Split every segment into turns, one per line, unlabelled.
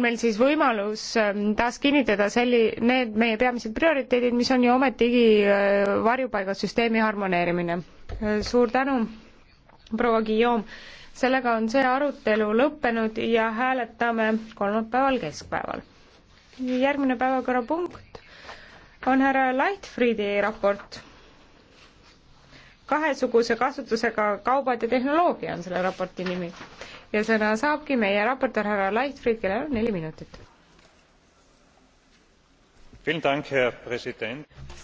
on meil siis võimalus ähm, taas kinnitada selli-, need meie peamised prioriteedid, mis on ju ometigi äh, varjupaigasüsteemi harmoneerimine. Äh, suur tänu, proua Guillaume. sellega on see arutelu lõppenud ja hääletame kolmapäeval keskpäeval. järgmine päevakorrapunkt on härra Leichtfriedi raport. kahesuguse kasutusega kaubad ja tehnoloogia on selle raporti nimi ja sõna saabki meie raportöör härra Leichtfried, kellel on neli minutit.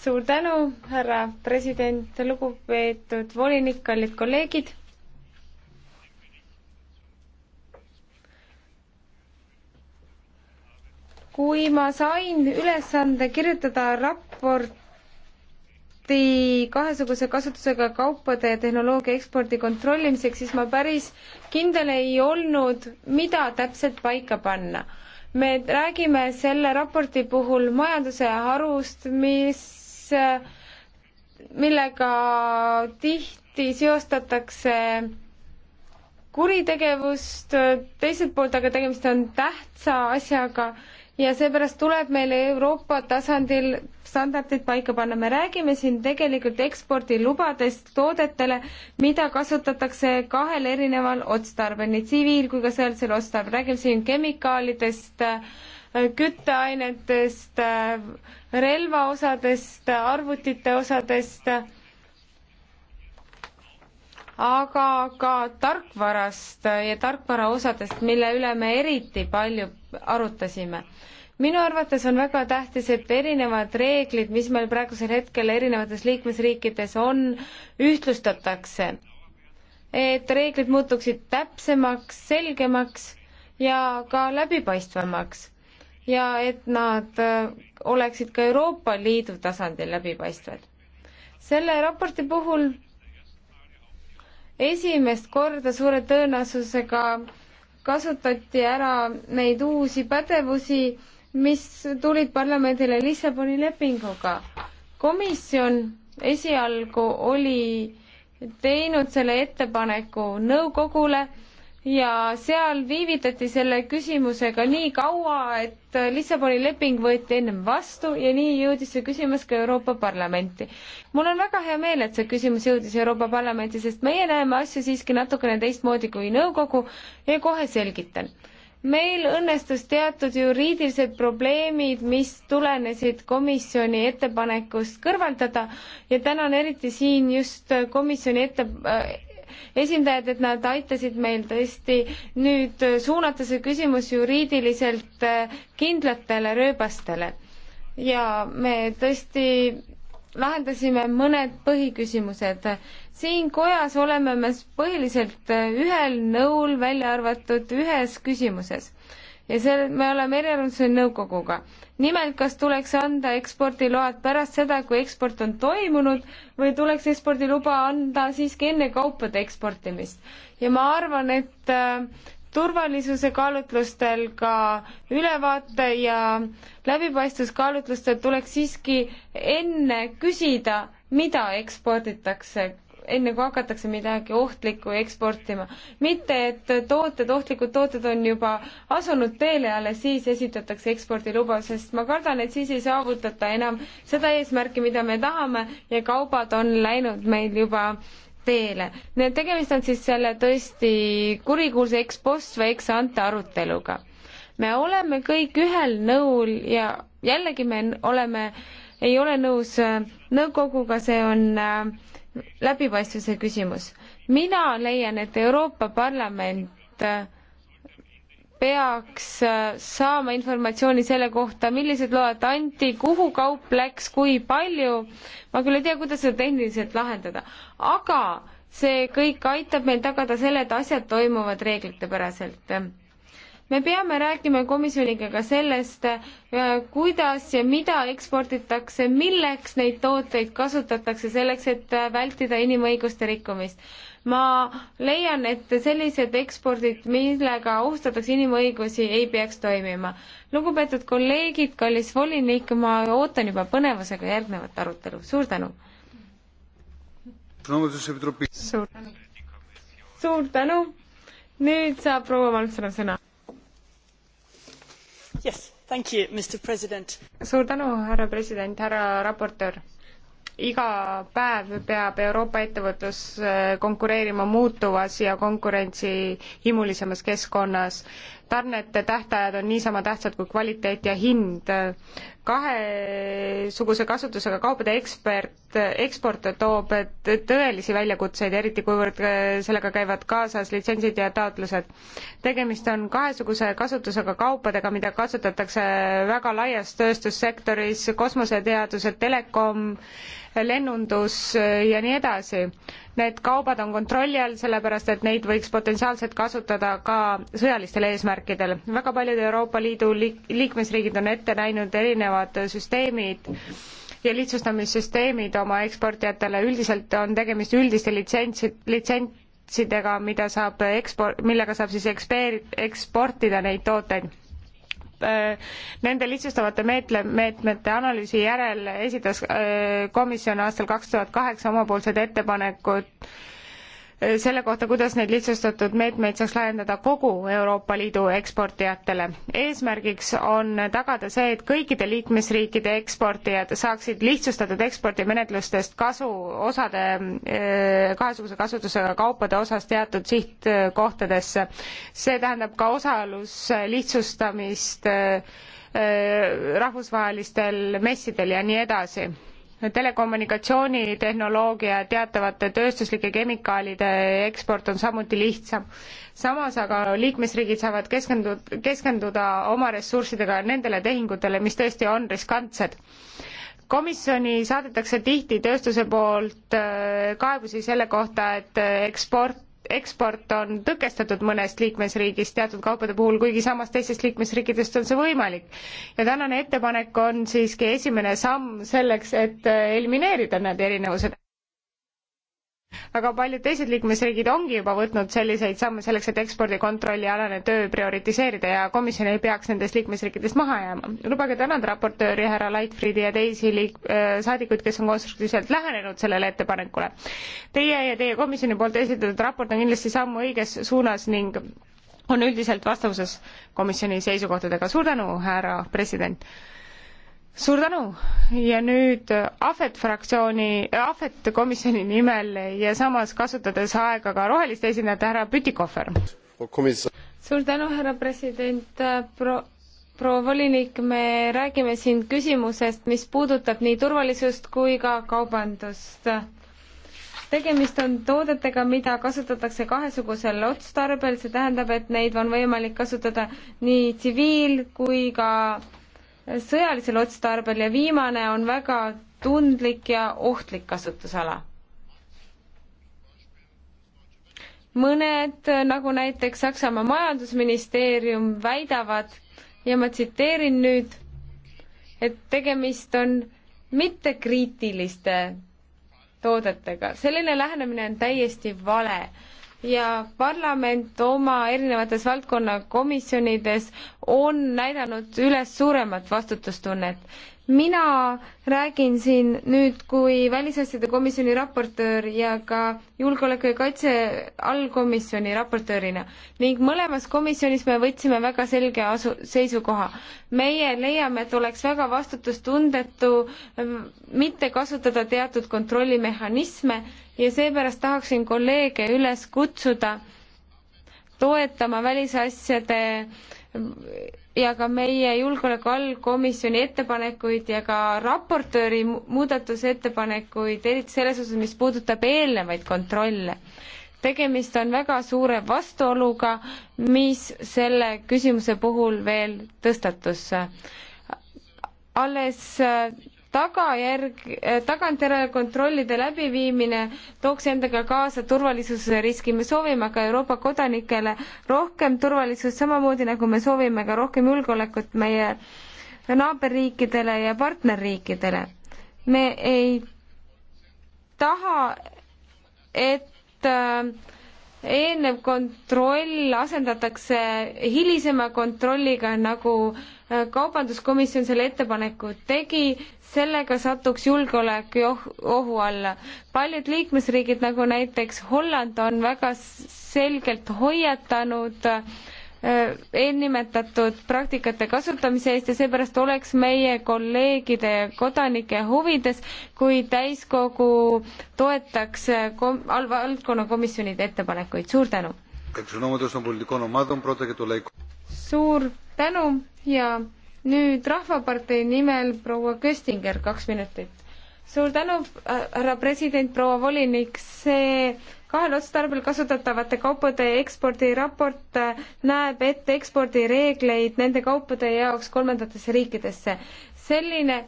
suur tänu, härra president, lugupeetud volinik, kallid kolleegid. kui ma sain ülesande kirjutada raport ekspordi, kahesuguse kasutusega kaupade ja tehnoloogia ekspordi kontrollimiseks, siis ma päris kindel ei olnud, mida täpselt paika panna. me räägime selle raporti puhul majanduse harust, mis, millega tihti seostatakse kuritegevust, teiselt poolt aga tegemist on tähtsa asjaga ja seepärast tuleb meil Euroopa tasandil standardid paika panna. me räägime siin tegelikult ekspordilubadest toodetele, mida kasutatakse kahel erineval otstarbel, nii tsiviil kui ka sõjalisel otstarbel. räägime siin kemikaalidest, kütteainetest, relvaosadest, arvutite osadest aga ka tarkvarast ja tarkvara osadest, mille üle me eriti palju arutasime minu arvates on väga tähtis, et erinevad reeglid, mis meil praegusel hetkel erinevates liikmesriikides on, ühtlustatakse. et reeglid muutuksid täpsemaks, selgemaks ja ka läbipaistvamaks. ja et nad äh, oleksid ka Euroopa Liidu tasandil läbipaistvad. selle raporti puhul esimest korda suure tõenäosusega kasutati ära neid uusi pädevusi, mis tulid parlamendile Lissaboni lepinguga. komisjon esialgu oli teinud selle ettepaneku nõukogule ja seal viivitati selle küsimusega nii kaua, et Lissaboni leping võeti ennem vastu ja nii jõudis see küsimus ka Euroopa Parlamenti. mul on väga hea meel, et see küsimus jõudis Euroopa Parlamenti, sest meie näeme asju siiski natukene teistmoodi kui nõukogu ja kohe selgitan meil õnnestus teatud juriidilised probleemid, mis tulenesid komisjoni ettepanekust kõrvaldada ja tänan eriti siin just komisjoni ette äh,, esindajad, et nad aitasid meil tõesti nüüd suunata see küsimus juriidiliselt äh, kindlatele rööbastele. ja me tõesti lahendasime mõned põhiküsimused. siin kojas oleme me põhiliselt äh, ühel nõul, välja arvatud ühes küsimuses ja seal me oleme eriarvamusel nõukoguga. nimelt, kas tuleks anda ekspordiload pärast seda, kui eksport on toimunud või tuleks ekspordiluba anda siiski enne kaupade eksportimist. ja ma arvan, et äh, turvalisuse kaalutlustel ka ülevaate ja läbipaistvuskaalutlustel tuleks siiski enne küsida, mida eksporditakse enne kui hakatakse midagi ohtlikku eksportima. mitte, et tooted, ohtlikud tooted on juba asunud teele ja alles siis esitatakse ekspordiluba, sest ma kardan, et siis ei saavutata enam seda eesmärki, mida me tahame ja kaubad on läinud meil juba teele. nii et tegemist on siis selle tõesti kurikuulsa ekspost või eksante aruteluga. me oleme kõik ühel nõul ja jällegi me oleme ei ole nõus nõukoguga, see on äh, läbipaistvuse küsimus. mina leian, et Euroopa Parlament äh, peaks äh, saama informatsiooni selle kohta, millised load anti, kuhu kaup läks, kui palju. ma küll ei tea, kuidas seda tehniliselt lahendada, aga see kõik aitab meil tagada selle, et asjad toimuvad reeglitepäraselt me peame rääkima komisjoniga ka sellest, äh, kuidas ja mida eksporditakse, milleks neid tooteid kasutatakse, selleks et äh, vältida inimõiguste rikkumist. ma leian, et sellised ekspordid, millega ohustatakse inimõigusi, ei peaks toimima. lugupeetud kolleegid, kallis volinik, ma ootan juba põnevusega järgnevat arutelu, suur tänu! suur tänu! suur tänu! nüüd saab proua Maltsar sõna suur tänu, härra president, härra raportöör iga päev peab Euroopa ettevõtlus äh, konkureerima muutuvas ja konkurentsihimulisemas keskkonnas. tarnete tähtajad on niisama tähtsad kui kvaliteet ja hind kahesuguse kasutusega kaupade ekspert, eksport toob tõelisi väljakutseid, eriti kuivõrd äh, sellega käivad kaasas litsentsid ja taotlused. tegemist on kahesuguse kasutusega kaupadega, mida kasutatakse väga laias tööstussektoris, kosmoseteadused, telekom, lennundus äh, ja nii edasi. Need kaubad on kontrolli all, sellepärast et neid võiks potentsiaalselt kasutada ka sõjalistel eesmärkidel. väga paljud Euroopa Liidu liik-, liikmesriigid on ette näinud erinevaid erinevad süsteemid ja lihtsustamissüsteemid oma eksportijatele, üldiselt on tegemist üldiste litsentsi, litsentsidega, mida saab ekspor-, millega saab siis ekspeer-, eksportida neid tooteid. Nende lihtsustavate meetle, meetmete analüüsi järel esitas äh, komisjon aastal kaks tuhat kaheksa omapoolsed ettepanekud Äh, selle kohta, kuidas neid lihtsustatud meetmeid saaks laiendada kogu Euroopa Liidu eksportijatele. eesmärgiks on tagada see, et kõikide liikmesriikide eksportijad saaksid lihtsustatud ekspordimenetlustest kasu osade, äh, kahesuguse kasutusega kaupade osas teatud sihtkohtadesse. see tähendab ka osaluse lihtsustamist äh, rahvusvahelistel messidel ja nii edasi telekommunikatsioonitehnoloogia teatavate tööstuslike kemikaalide eksport on samuti lihtsam. samas aga liikmesriigid saavad keskenduda, keskenduda oma ressurssidega nendele tehingutele, mis tõesti on riskantsed komisjoni saadetakse tihti tööstuse poolt äh, kaebusi selle kohta, et äh, eksport eksport on tõkestatud mõnest liikmesriigist teatud kaupade puhul, kuigi samas teistest liikmesriikidest on see võimalik. ja tänane ettepanek on siiski esimene samm selleks, et elimineerida need erinevused aga paljud teised liikmesriigid ongi juba võtnud selliseid samme selleks, et ekspordikontrolli alane töö prioritiseerida ja komisjon ei peaks nendest liikmesriikidest maha jääma. lubage tänada raportööri härra Leitfriedi ja teisi liik-, äh, saadikuid, kes on konstruktiivselt lähenenud sellele ettepanekule. Teie ja teie komisjoni poolt esitatud raport on kindlasti samm õiges suunas ning on üldiselt vastavuses komisjoni seisukohtadega. suur tänu, härra president! suur tänu ja nüüd Ahvet fraktsiooni, Ahvet komisjoni nimel ja samas kasutades aega ka roheliste esindajate härra Pütikohver. suur tänu, härra president, pro-, proua volinik, me räägime siin küsimusest, mis puudutab nii turvalisust kui ka kaubandust. tegemist on toodetega, mida kasutatakse kahesugusel otstarbel, see tähendab, et neid on võimalik kasutada nii tsiviil kui ka äh, sõjalisel otstarbel ja viimane on väga tundlik ja ohtlik kasutusala. mõned, nagu näiteks Saksamaa majandusministeerium, väidavad ja ma tsiteerin nüüd, et tegemist on mittekriitiliste toodetega. selline lähenemine on täiesti vale ja parlament oma erinevates valdkonnakomisjonides on näidanud üles suuremat vastutustunnet. mina räägin siin nüüd kui Välisasjade komisjoni raportöör ja ka Julgeoleku ja Kaitse allkomisjoni raportöörina ning mõlemas komisjonis me võtsime väga selge asu-, seisukoha. meie leiame, et oleks väga vastutustundetu mitte kasutada teatud kontrollimehhanisme ja seepärast tahaksin kolleege üles kutsuda toetama välisasjade ja ka meie julgeoleku allkomisjoni ettepanekuid ja ka raportööri muudatusettepanekuid, eriti selles osas, mis puudutab eelnevaid kontrolle tegemist on väga suure vastuoluga, mis selle küsimuse puhul veel tõstatus. alles äh, tagajärg, eh, tagantjärele kontrollide läbiviimine tooks endaga kaasa turvalisuse riski. me soovime ka Euroopa kodanikele rohkem turvalisust, samamoodi nagu me soovime ka rohkem julgeolekut meie naaberriikidele ja partnerriikidele. me ei taha, et äh, eelnev kontroll asendatakse hilisema kontrolliga, nagu eh, kaubanduskomisjon selle ettepaneku tegi sellega satuks julgeolek ohu alla. paljud liikmesriigid, nagu näiteks Holland, on väga selgelt hoiatanud äh, eelnimetatud praktikate kasutamise eest ja seepärast oleks meie kolleegide ja kodanike huvides, kui täiskogu toetaks äh, kom-, valdkonna komisjonide ettepanekuid, suur tänu! suur tänu ja nüüd Rahvapartei nimel proua Köstinger, kaks minutit. suur tänu, äh, härra president, proua volinik, see kahel otstarbel kasutatavate kaupade ekspordiraport äh, näeb ette ekspordireegleid nende kaupade jaoks kolmandatesse riikidesse. selline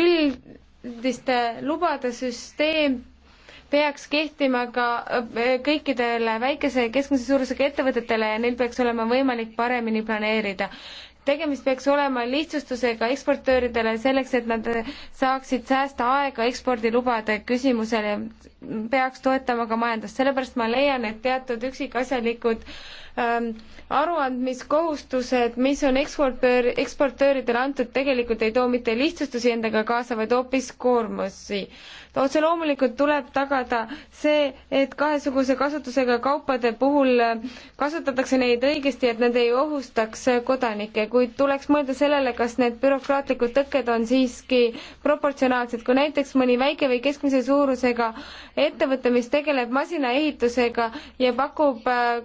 üldiste lubade süsteem peaks kehtima ka äh, kõikidele väikese ja keskmise suurusega ettevõtetele ja neil peaks olema võimalik paremini planeerida tegemist peaks olema lihtsustusega eksportööridele selleks, et nad saaksid säästa aega ekspordilubade küsimusele, peaks toetama ka majandust, sellepärast ma leian, et teatud üksikasjalikud ähm, aruandmiskohustused, mis on eksportöör, eksportööridele antud, tegelikult ei too mitte lihtsustusi endaga kaasa, vaid hoopis koormusi. otse loomulikult tuleb tagada see, et kahesuguse kasutusega kaupade puhul äh, kasutatakse neid õigesti, et nad ei ohustaks äh, kodanikke, kuid tuleks mõelda sellele, kas need bürokraatlikud tõkked on siiski proportsionaalsed, kui näiteks mõni väike või keskmise suurusega ettevõte, mis tegeleb masinaehitusega ja pakub äh,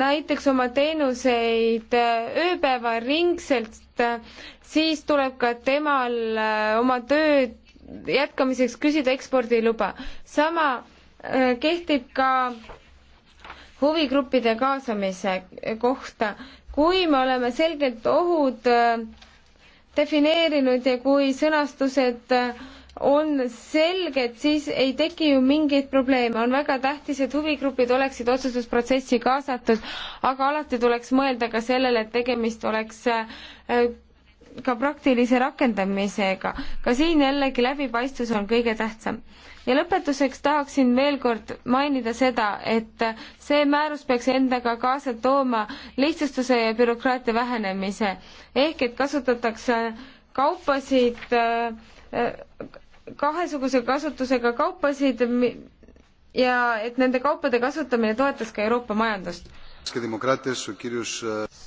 näiteks oma teenuseid ööpäevaringselt, siis tuleb ka temal äh, oma töö jätkamiseks küsida ekspordiluba. sama äh, kehtib ka huvigruppide kaasamise kohta. kui me oleme selgelt ohud äh, defineerinud ja kui sõnastused äh, on selged, siis ei teki ju mingeid probleeme, on väga tähtis, et huvigrupid oleksid otsustusprotsessi kaasatud, aga alati tuleks mõelda ka sellele, et tegemist oleks äh, ka praktilise rakendamisega. ka siin jällegi läbipaistvus on kõige tähtsam. ja lõpetuseks tahaksin veel kord mainida seda, et see määrus peaks endaga kaasa tooma lihtsustuse ja bürokraatia vähenemise. ehk et kasutatakse kaupasid äh, äh kahesuguse kasutusega kaupasid ja et nende kaupade kasutamine toetas ka Euroopa majandust.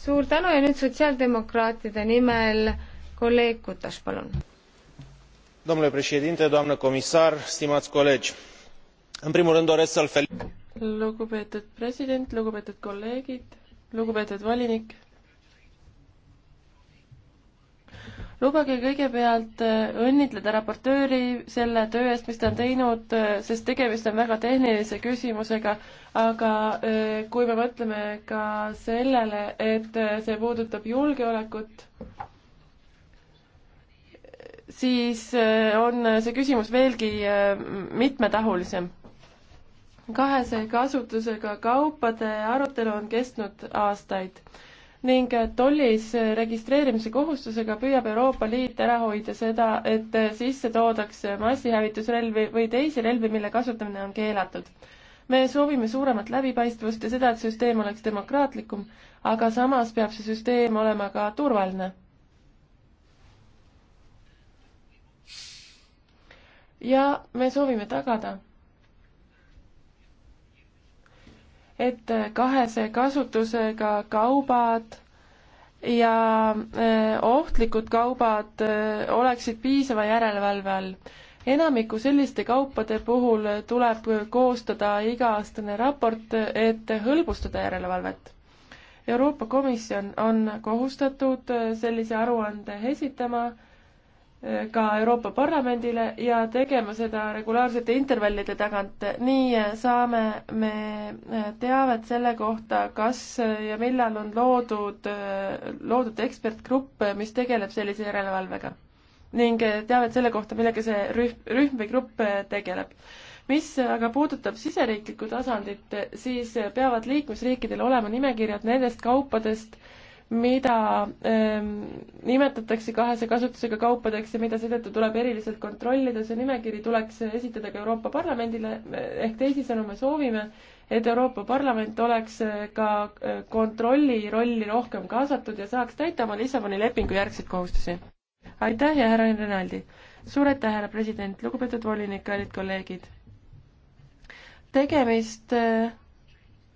suur tänu ja nüüd sotsiaaldemokraatide nimel kolleeg Kutas, palun.
domnule președinte, doamnă comisar, stimați colegi, în primul rând doresc să-l fel-. lugupeetud president, lugupeetud kolleegid, lugupeetud volinik lubage kõigepealt äh, õnnitleda raportööri selle töö eest, mis ta on teinud, äh, sest tegemist on väga tehnilise küsimusega, aga äh, kui me mõtleme ka sellele, et see puudutab julgeolekut, siis on see küsimus veelgi mitmetahulisem. kahese kasutusega kaupade arutelu on kestnud aastaid ning tollis registreerimise kohustusega püüab Euroopa Liit ära hoida seda, et sisse toodakse massihävitusrelvi või teisi relvi, mille kasutamine on keelatud. me soovime suuremat läbipaistvust ja seda, et süsteem oleks demokraatlikum, aga samas peab see süsteem olema ka turvaline. ja me soovime tagada et kahese kasutusega kaubad ja e, ohtlikud kaubad e, oleksid piisava järelevalve all. enamiku selliste kaupade puhul tuleb koostada iga-aastane raport, et hõlbustada järelevalvet. Euroopa Komisjon on kohustatud sellise aruande esitama ka Euroopa Parlamendile ja tegema seda regulaarsete intervallide tagant. nii saame me teavet selle kohta, kas ja millal on loodud, loodud ekspertgrupp, mis tegeleb sellise järelevalvega ning teavet selle kohta, millega see rühm, rühm või grupp tegeleb. mis aga puudutab siseriiklikku tasandit, siis peavad liikmesriikidel olema nimekirjad nendest kaupadest, mida ähm, nimetatakse kahese kasutusega kaupadeks ja mida seetõttu tuleb eriliselt kontrollida, see nimekiri tuleks esitada ka Euroopa Parlamendile, ehk teisisõnu me soovime, et Euroopa Parlament oleks ka äh, kontrolli rolli rohkem kaasatud ja saaks täita oma Lissaboni lepingu järgseid kohustusi. aitäh ja härra Rinaldi! suur aitäh, härra president, lugupeetud volinik, kallid kolleegid! tegemist äh,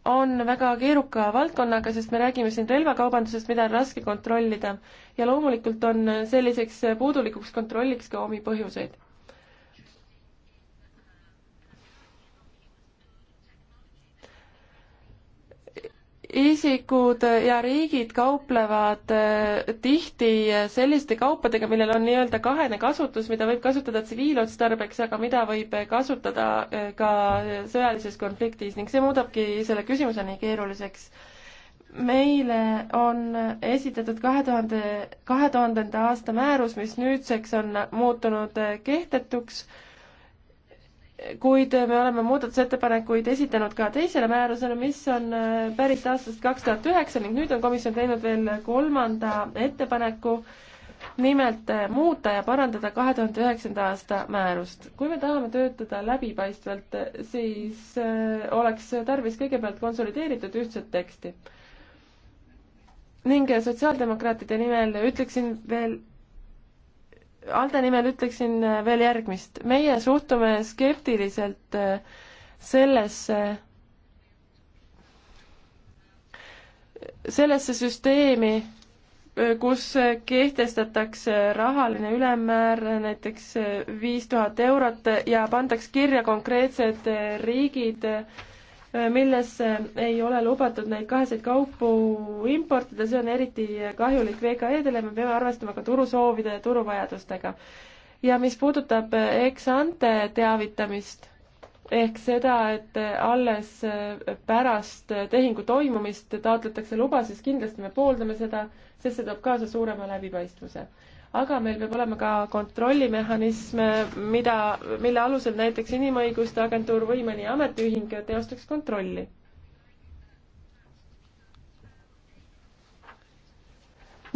on väga keeruka valdkonnaga, sest me räägime siin relvakaubandusest, mida on raske kontrollida. ja loomulikult on selliseks puudulikuks kontrolliks ka omi põhjuseid isikud ja riigid kauplevad äh, tihti äh, selliste kaupadega, millel on nii-öelda kahene kasutus, mida võib kasutada tsiviilotstarbeks, aga mida võib äh, kasutada ka sõjalises konfliktis ning see muudabki selle küsimuse nii keeruliseks. meile on esitatud kahe tuhande, kahe tuhandenda aasta määrus, mis nüüdseks on muutunud kehtetuks kuid me oleme muudatusettepanekuid esitanud ka teisele määrusele, mis on äh, pärit aastast kaks tuhat üheksa ning nüüd on komisjon teinud veel kolmanda ettepaneku, nimelt äh, muuta ja parandada kahe tuhande üheksanda aasta määrust. kui me tahame töötada läbipaistvalt, siis äh, oleks tarvis kõigepealt konsolideeritud ühtset teksti. ning sotsiaaldemokraatide nimel ütleksin veel Alde nimel ütleksin äh, veel järgmist. meie suhtume skeptiliselt äh, sellesse, sellesse süsteemi, äh, kus kehtestatakse rahaline ülemmäär, näiteks viis tuhat eurot ja pandaks kirja konkreetsed riigid, millesse eh, ei ole lubatud neid kaheseid kaupu importida, see on eriti kahjulik VKE-dele, me peame arvestama ka turusoovide ja turuvajadustega. ja mis puudutab eh, ex-ante teavitamist, ehk seda, et eh, alles pärast tehingu toimumist taotletakse luba, siis kindlasti me pooldame seda, sest see toob kaasa suurema läbipaistvuse aga meil peab olema ka kontrollimehhanism, mida, mille alusel näiteks Inimõiguste Agentuur või mõni ametiühing teostaks kontrolli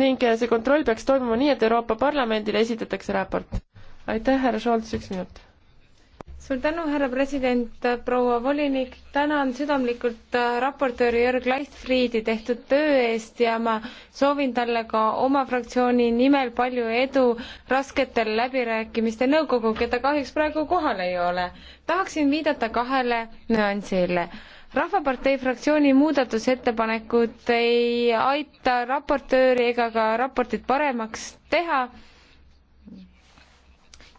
ning see kontroll peaks toimuma nii, et Euroopa Parlamendile esitatakse raport. aitäh, härra Scholz, üks minut
suur tänu, härra president, proua volinik, tänan südamlikult äh, raportööri Jörg Leichtfriedi tehtud töö eest ja ma soovin talle ka oma fraktsiooni nimel palju edu rasketel läbirääkimiste nõukogu, keda kahjuks praegu kohal ei ole. tahaksin viidata kahele nüansile rahvapartei fraktsiooni muudatusettepanekud ei aita raportööri ega ka raportit paremaks teha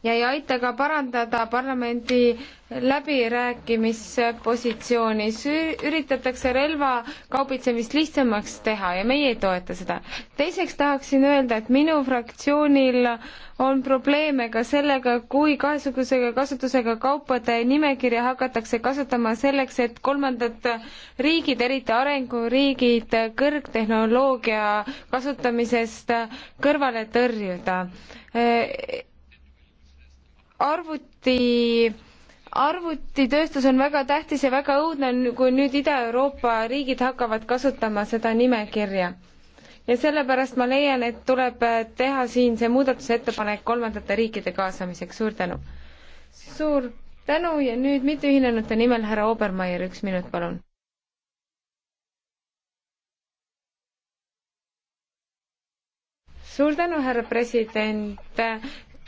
ja ei aita ka parandada parlamendi läbirääkimispositsiooni. üritatakse relvakaubitsemist lihtsamaks teha ja meie ei toeta seda. teiseks tahaksin öelda, et minu fraktsioonil on probleeme ka sellega, kui kahesuguse kasutusega kaupade nimekirja hakatakse kasutama selleks, et kolmandad riigid, eriti arenguriigid, kõrgtehnoloogia kasutamisest kõrvale tõrjuda arvuti arvutitööstus on väga tähtis ja väga õudne, kui nüüd Ida-Euroopa riigid hakkavad kasutama seda nimekirja. ja sellepärast ma leian, et tuleb teha siin see muudatusettepanek kolmandate riikide kaasamiseks, suur tänu. suur tänu ja nüüd mitteühinenute nimel härra Obermeier, üks minut, palun. suur tänu, härra president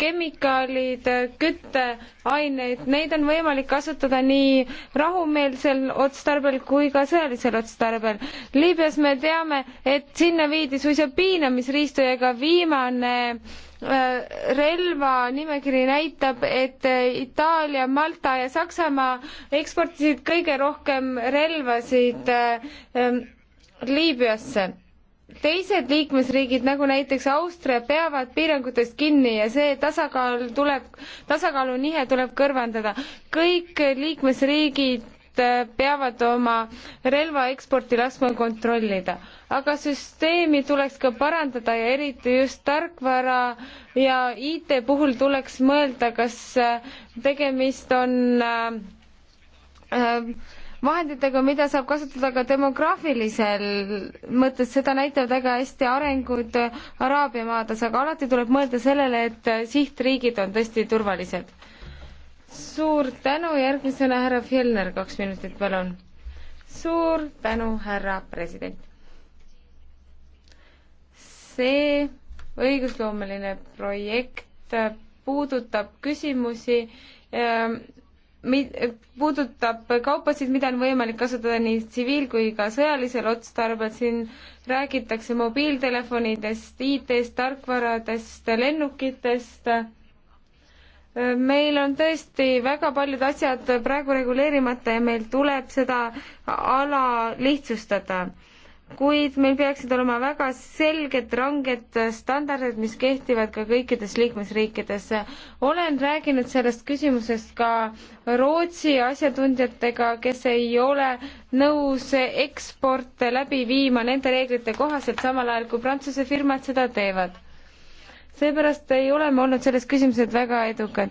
kemikaalid, kütteaineid, neid on võimalik kasutada nii rahumeelsel otstarbel kui ka sõjalisel otstarbel. Liibüas me teame, et sinna viidi suisa piinamisriistu ja ka viimane äh, relva nimekiri näitab, et Itaalia, Malta ja Saksamaa eksportisid kõige rohkem relvasid äh, äh, Liibüasse teised liikmesriigid, nagu näiteks Austria, peavad piirangutest kinni ja see tasakaal tuleb, tasakaalunihe tuleb kõrvandada. kõik liikmesriigid äh, peavad oma relvaeksporti laskma kontrollida. aga süsteemi tuleks ka parandada ja eriti just tarkvara ja IT puhul tuleks mõelda, kas äh, tegemist on äh, äh, vahenditega, mida saab kasutada ka demograafilisel mõttes, seda näitavad väga hästi arengud Araabia maades, aga alati tuleb mõelda sellele, et sihtriigid on tõesti turvalised. suur tänu, järgmisena härra Fjellner, kaks minutit, palun. suur tänu, härra president. see õigusloomeline projekt puudutab küsimusi ähm, puudutab kaupasid, mida on võimalik kasutada nii tsiviil kui ka sõjalisel otstarbel, siin räägitakse mobiiltelefonidest, IT-st, tarkvaradest, lennukitest. meil on tõesti väga paljud asjad praegu reguleerimata ja meil tuleb seda ala lihtsustada kuid meil peaksid olema väga selged, ranged standardid, mis kehtivad ka kõikides liikmesriikides. olen rääkinud sellest küsimusest ka Rootsi asjatundjatega, kes ei ole nõus eksporte läbi viima nende reeglite kohaselt, samal ajal kui Prantsuse firmad seda teevad seepärast ei ole me olnud selles küsimuses väga edukad.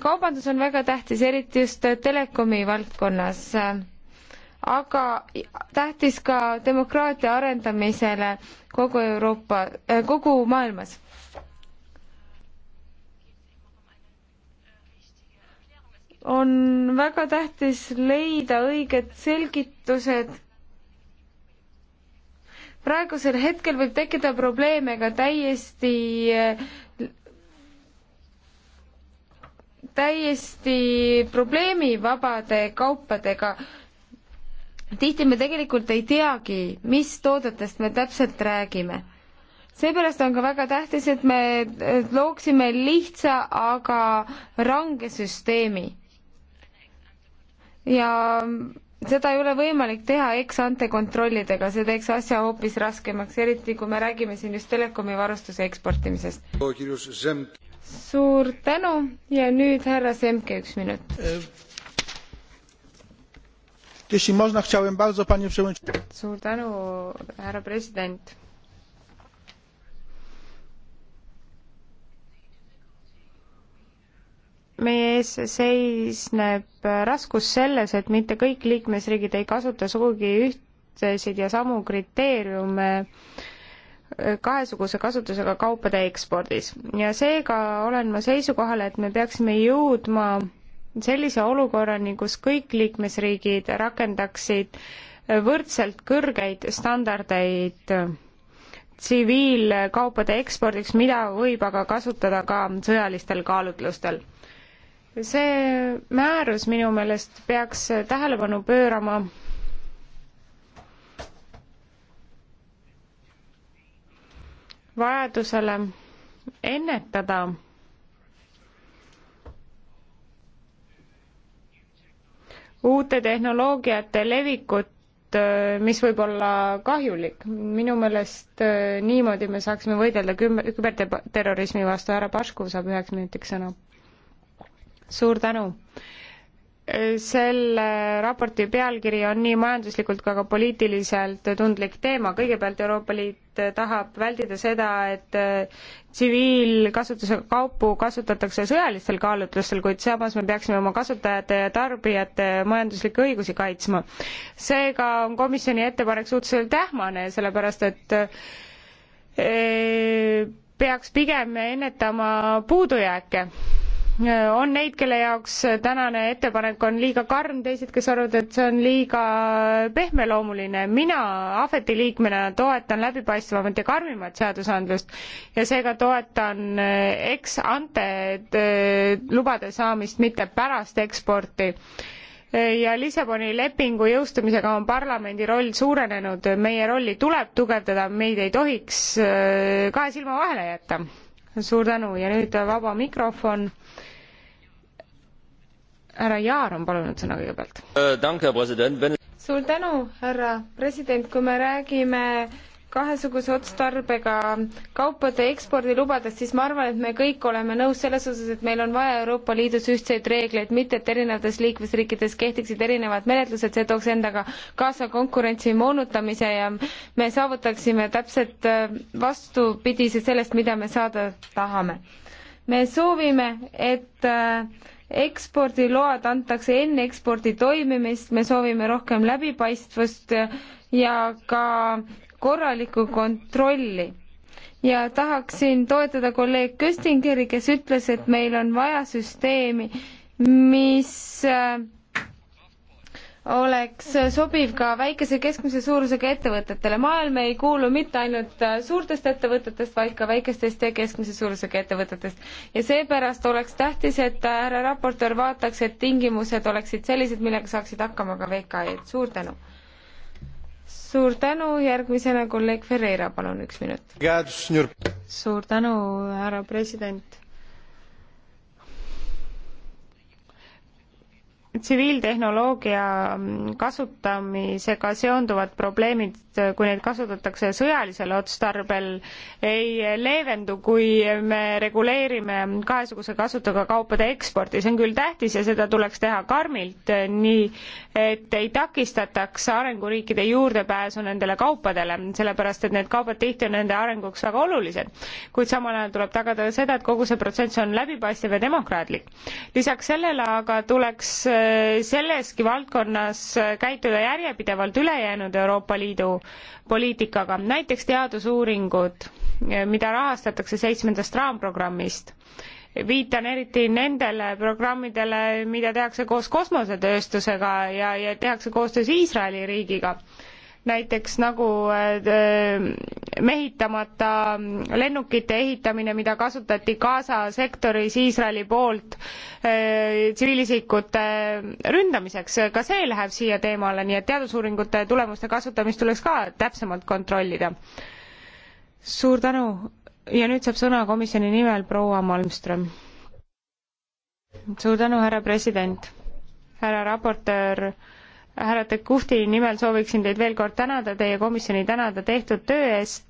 kaubandus on väga tähtis, eriti just telekomi valdkonnas aga tähtis ka demokraatia arendamisele kogu Euroopa, äh, kogu maailmas on väga tähtis leida õiged selgitused. praegusel hetkel võib tekkida probleeme ka täiesti, äh, täiesti probleemivabade kaupadega tihti me tegelikult ei teagi, mis toodetest me täpselt räägime. seepärast on ka väga tähtis, et me looksime lihtsa, aga range süsteemi. ja seda ei ole võimalik teha ex-ante kontrollidega, see teeks asja hoopis raskemaks, eriti kui me räägime siin just telekomi varustuse eksportimisest. suur tänu ja nüüd härra Semke üks minut
äh, jeśli można chciałem bardzo panie przewodniczący.
suur tänu härra president. meie ees seisneb raskus selles, et mitte kõik liikmesriigid ei kasuta sugugi ühtseid ja samu kriteeriume kahesuguse kasutusega kaupade ekspordis ja seega olen ma seisukohal, et me peaksime jõudma sellise olukorrani, kus kõik liikmesriigid rakendaksid võrdselt kõrgeid standardeid tsiviilkaupade ekspordiks, mida võib aga kasutada ka sõjalistel kaalutlustel. see määrus minu meelest peaks tähelepanu pöörama vajadusele ennetada uute tehnoloogiate levikut, äh, mis võib olla kahjulik. minu meelest äh, niimoodi me saaksime võidelda küm-, küberterrorismi vastu, härra Pašku saab üheks minutiks sõna. suur tänu selle raporti pealkiri on nii majanduslikult kui ka poliitiliselt tundlik teema, kõigepealt Euroopa Liit tahab vältida seda, et tsiviilkasutusega kaupu kasutatakse sõjalistel kaalutlustel, kuid samas me peaksime oma kasutajate ja tarbijate majanduslikke õigusi kaitsma. seega on komisjoni ettepanek suhteliselt ähmane, sellepärast et eh, peaks pigem ennetama puudujääke on neid, kelle jaoks tänane ettepanek on liiga karm, teised, kes arvavad, et see on liiga pehmeloomuline. mina Ahveti liikmena toetan läbipaistvamat ja karmimat seadusandlust ja seega toetan eh, ex ante eh, lubade saamist, mitte pärast eksporti eh, ja Lissaboni lepingu jõustumisega on parlamendi roll suurenenud, meie rolli tuleb tugevdada, meid ei tohiks kahe silma vahele jätta suur tänu ja nüüd vaba mikrofon. härra Jaar on palunud sõna kõigepealt. Äh, suur tänu, härra president, kui me räägime kahesuguse otstarbega kaupade ekspordilubadest, siis ma arvan, et me kõik oleme nõus selles osas, et meil on vaja Euroopa Liidus ühtseid reegleid, mitte et erinevates liikmesriikides kehtiksid erinevad menetlused, see tooks endaga kaasa konkurentsi moonutamise ja me saavutaksime täpselt äh, vastupidise sellest, mida me saada tahame. me soovime, et äh, ekspordiload antakse enne ekspordi toimimist, me soovime rohkem läbipaistvust ja ka korralikku kontrolli ja tahaksin toetada kolleeg Köstingeri, kes ütles, et meil on vaja süsteemi, mis äh, oleks sobiv ka väikese keskmise suurusega ettevõtetele. maailm ei kuulu mitte ainult äh, suurtest ettevõtetest, vaid ka väikestest ja keskmise suurusega ettevõtetest. ja seepärast oleks tähtis, et äh, härra raportöör vaataks, et tingimused oleksid sellised, millega saaksid hakkama ka VKE-d. suur tänu! suur tänu, järgmisena kolleeg Ferreira, palun üks minut. suur tänu, härra president tsiviiltehnoloogia kasutamisega seonduvad probleemid, kui neid kasutatakse sõjalisel otstarbel, ei leevendu, kui me reguleerime kahesuguse kasutusega kaupade eksporti. see on küll tähtis ja seda tuleks teha karmilt, nii et ei takistataks arenguriikide juurdepääsu nendele kaupadele, sellepärast et need kaubad tihti on nende arenguks väga olulised. kuid samal ajal tuleb tagada seda, et kogu see protsess on läbipaistev ja demokraatlik. lisaks sellele aga tuleks selleski valdkonnas käituda järjepidevalt ülejäänud Euroopa Liidu poliitikaga, näiteks teadusuuringud, mida rahastatakse seitsmendast raamprogrammist. viitan eriti nendele programmidele, mida tehakse koos kosmosetööstusega ja, ja tehakse koostöös Iisraeli riigiga näiteks nagu äh, äh, mehitamata lennukite ehitamine, mida kasutati Gaza sektoris Iisraeli poolt äh, tsiviilisikute ründamiseks, ka see läheb siia teemale, nii et teadusuuringute tulemuste kasutamist tuleks ka täpsemalt kontrollida. suur tänu ja nüüd saab sõna komisjoni nimel proua Malmström. suur tänu, härra president, härra raportöör härra Tekuhti nimel sooviksin teid veel kord tänada, teie komisjoni tänada tehtud töö eest.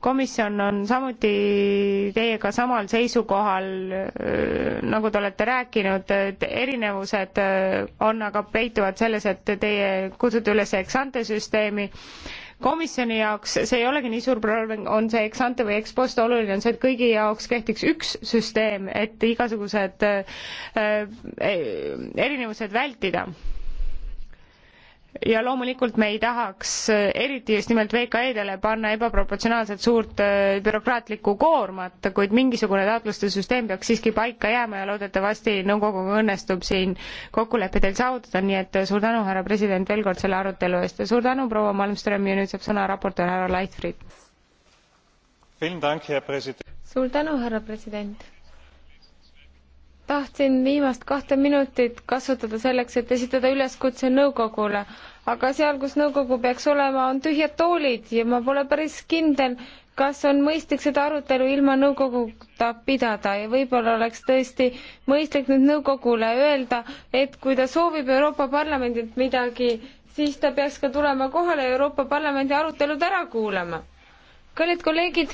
komisjon on samuti teiega samal seisukohal, nagu te olete rääkinud, erinevused on aga peituvad selles, et teie kutsute üles eksante süsteemi komisjoni jaoks see ei olegi nii suur probleem, on see ex-ante või ex-post, oluline on see, et kõigi jaoks kehtiks üks süsteem, et igasugused äh, erinevused vältida ja loomulikult me ei tahaks eriti just nimelt VKE-dele panna ebaproportsionaalselt suurt äh, bürokraatlikku koormat, kuid mingisugune taotluste süsteem peaks siiski paika jääma ja loodetavasti nõukoguga õnnestub siin kokkulepe teil saavutada, nii et suur tänu, härra president, veel kord selle arutelu eest ja suur tänu, proua Malmström ja nüüd saab sõna raportöör härra Leitfried. suur tänu, härra president tahtsin viimast kahte minutit kasutada selleks, et esitada üleskutse nõukogule, aga seal, kus nõukogu peaks olema, on tühjad toolid ja ma pole päris kindel, kas on mõistlik seda arutelu ilma nõukoguta pidada ja võib-olla oleks tõesti mõistlik nüüd nõukogule öelda, et kui ta soovib Euroopa Parlamendilt midagi, siis ta peaks ka tulema kohale Euroopa Parlamendi arutelud ära kuulama. kallid kolleegid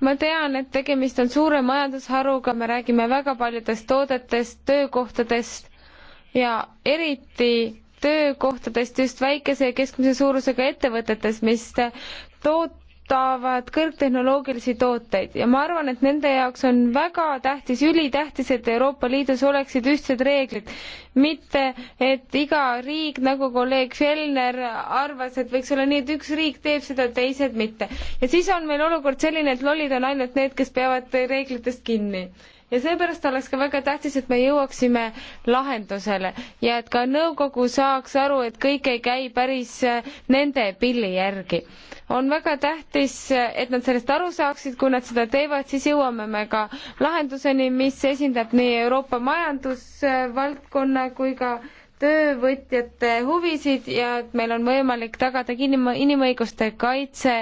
ma tean, et tegemist on suure majandusharuga, me räägime väga paljudest toodetest, töökohtadest ja eriti töökohtadest just väikese ja keskmise suurusega ettevõtetes, mis toodavad kõrgtehnoloogilisi tooteid ja ma arvan, et nende jaoks on väga tähtis, ülitähtis, et Euroopa Liidus oleksid ühtsed reeglid, mitte et iga riik, nagu kolleeg Fjellner arvas, et võiks olla nii, et üks riik teeb seda, teised mitte. ja siis on meil olukord selline, et lollid on ainult need, kes peavad reeglitest kinni ja seepärast oleks ka väga tähtis, et me jõuaksime lahendusele ja et ka nõukogu saaks aru, et kõik ei käi päris äh, nende pilli järgi. on väga tähtis, äh, et nad sellest aru saaksid, kui nad seda teevad, siis jõuame me ka lahenduseni, mis esindab nii Euroopa majandusvaldkonna kui ka töövõtjate huvisid ja et meil on võimalik tagada inim-, inimõiguste kaitse,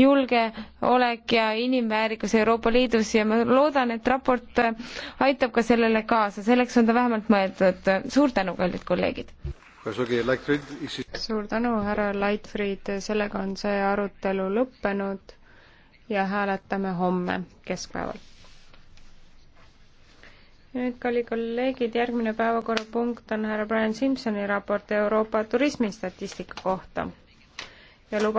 julgeolek ja inimväärikus Euroopa Liidus ja ma loodan, et raport aitab ka sellele kaasa, selleks on ta vähemalt mõeldud. suur tänu, kallid kolleegid! suur tänu, härra Leitfried, sellega on see arutelu lõppenud ja hääletame homme keskpäeval nüüd, kallid kolleegid, järgmine päevakorrapunkt on härra Brian Simsoni raport Euroopa turismistatistika kohta ja luba-